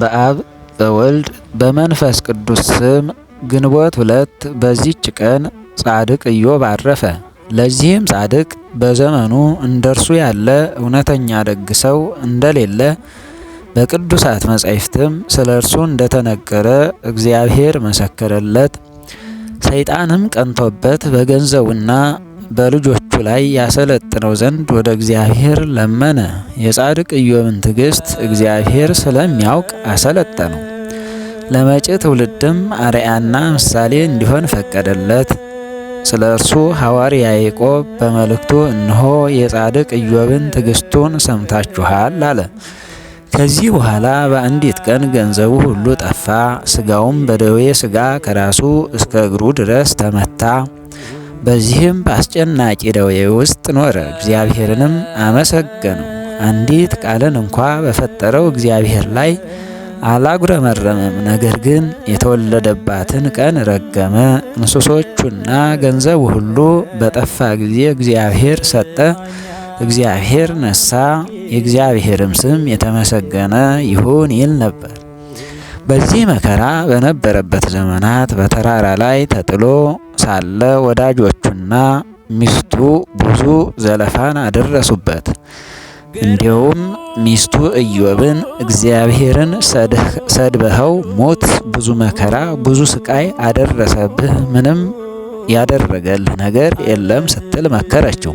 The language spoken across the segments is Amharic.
በአብ በወልድ በመንፈስ ቅዱስ ስም ግንቦት ሁለት በዚች ቀን ጻድቅ ኢዮብ አረፈ። ለዚህም ጻድቅ በዘመኑ እንደርሱ ያለ እውነተኛ ደግ ሰው እንደሌለ በቅዱሳት መጻሕፍትም ስለ እርሱ እንደተነገረ እግዚአብሔር መሰከረለት። ሰይጣንም ቀንቶበት በገንዘቡና በልጆ ላይ ያሰለጥነው ዘንድ ወደ እግዚአብሔር ለመነ። የጻድቅ ኢዮብን ትዕግስት እግዚአብሔር ስለሚያውቅ አሰለጠነው። ለመጪ ትውልድም አርአያና ምሳሌ እንዲሆን ፈቀደለት። ስለ እርሱ ሐዋርያ ያዕቆብ በመልእክቱ እነሆ የጻድቅ ኢዮብን ትዕግስቱን ሰምታችኋል አለ። ከዚህ በኋላ በአንዲት ቀን ገንዘቡ ሁሉ ጠፋ። ስጋውም በደዌ ስጋ ከራሱ እስከ እግሩ ድረስ ተመታ። በዚህም በአስጨናቂ ደዌ ውስጥ ኖረ፣ እግዚአብሔርንም አመሰገነው። አንዲት ቃልን እንኳ በፈጠረው እግዚአብሔር ላይ አላጉረመረመም። ነገር ግን የተወለደባትን ቀን ረገመ። እንስሶቹና ገንዘቡ ሁሉ በጠፋ ጊዜ እግዚአብሔር ሰጠ፣ እግዚአብሔር ነሳ፣ የእግዚአብሔርም ስም የተመሰገነ ይሁን ይል ነበር። በዚህ መከራ በነበረበት ዘመናት በተራራ ላይ ተጥሎ ሳለ ወዳጆቹና ሚስቱ ብዙ ዘለፋን አደረሱበት። እንዲሁም ሚስቱ ኢዮብን እግዚአብሔርን ሰድበኸው ሞት፣ ብዙ መከራ፣ ብዙ ስቃይ አደረሰብህ፣ ምንም ያደረገልህ ነገር የለም ስትል መከረችው።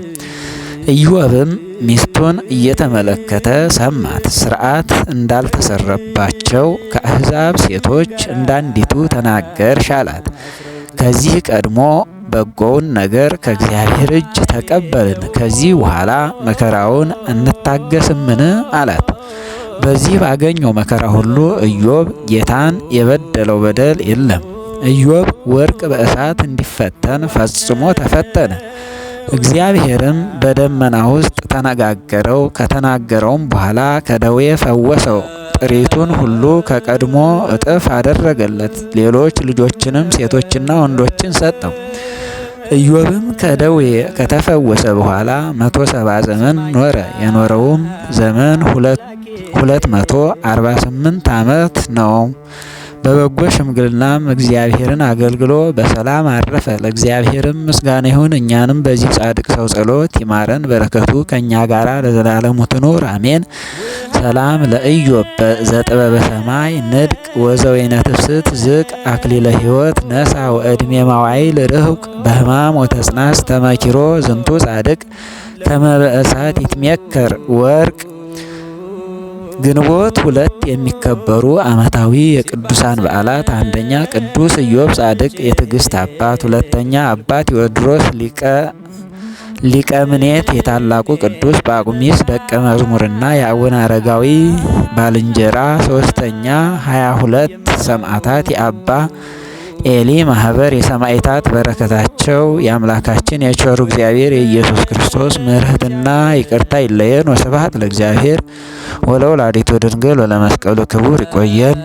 ኢዮብም ሚስቱን እየተመለከተ ሰማት። ስርዓት እንዳልተሰረባቸው ከአሕዛብ ሴቶች እንዳንዲቱ ተናገር ሻላት። ከዚህ ቀድሞ በጎውን ነገር ከእግዚአብሔር እጅ ተቀበልን፣ ከዚህ በኋላ መከራውን እንታገስምን? አላት። በዚህ ባገኘው መከራ ሁሉ ኢዮብ ጌታን የበደለው በደል የለም። ኢዮብ ወርቅ በእሳት እንዲፈተን ፈጽሞ ተፈተነ። እግዚአብሔርም በደመና ውስጥ ተነጋገረው። ከተናገረውም በኋላ ከደዌ ፈወሰው። ጥሪቱን ሁሉ ከቀድሞ እጥፍ አደረገለት። ሌሎች ልጆችንም ሴቶችና ወንዶችን ሰጠው። ኢዮብም ከደዌ ከተፈወሰ በኋላ መቶ ሰባ ዘመን ኖረ። የኖረውም ዘመን ሁለት መቶ አርባ ስምንት ዓመት ነው። በበጎ ሽምግልናም እግዚአብሔርን አገልግሎ በሰላም አረፈ። ለእግዚአብሔርም ምስጋና ይሁን። እኛንም በዚህ ጻድቅ ሰው ጸሎት ይማረን። በረከቱ ከእኛ ጋራ ለዘላለሙ ትኑር አሜን። ሰላም ለኢዮብ ዘጥበ በሰማይ ንድቅ ወዘወይነ ትፍስት ዝቅ አክሊለ ሕይወት ነሳ ወእድሜ ማዋይል ርህቅ በህማም ወተጽናስ ተመኪሮ ዝንቱ ጻድቅ ከመበእሳት ይትሜከር ወርቅ ግንቦት ሁለት የሚከበሩ ዓመታዊ የቅዱሳን በዓላት አንደኛ ቅዱስ ኢዮብ ጻድቅ የትዕግስት አባት፣ ሁለተኛ አባ ቴዎድሮስ ሊቀ ሊቀ ምኔት የታላቁ ቅዱስ ጳቁሚስ ደቀ መዝሙርና የአቡነ አረጋዊ ባልንጀራ፣ ሶስተኛ ሀያ ሁለት ሰማዕታት የአባ ኤሊ ማህበር የሰማዕታት በረከታቸው የአምላካችን የቸሩ እግዚአብሔር የኢየሱስ ክርስቶስ ምሕረትና ይቅርታ ይለየን። ወስብሐት ለእግዚአብሔር ወለወላዲቱ ድንግል ወለመስቀሉ ክቡር። ይቆየን።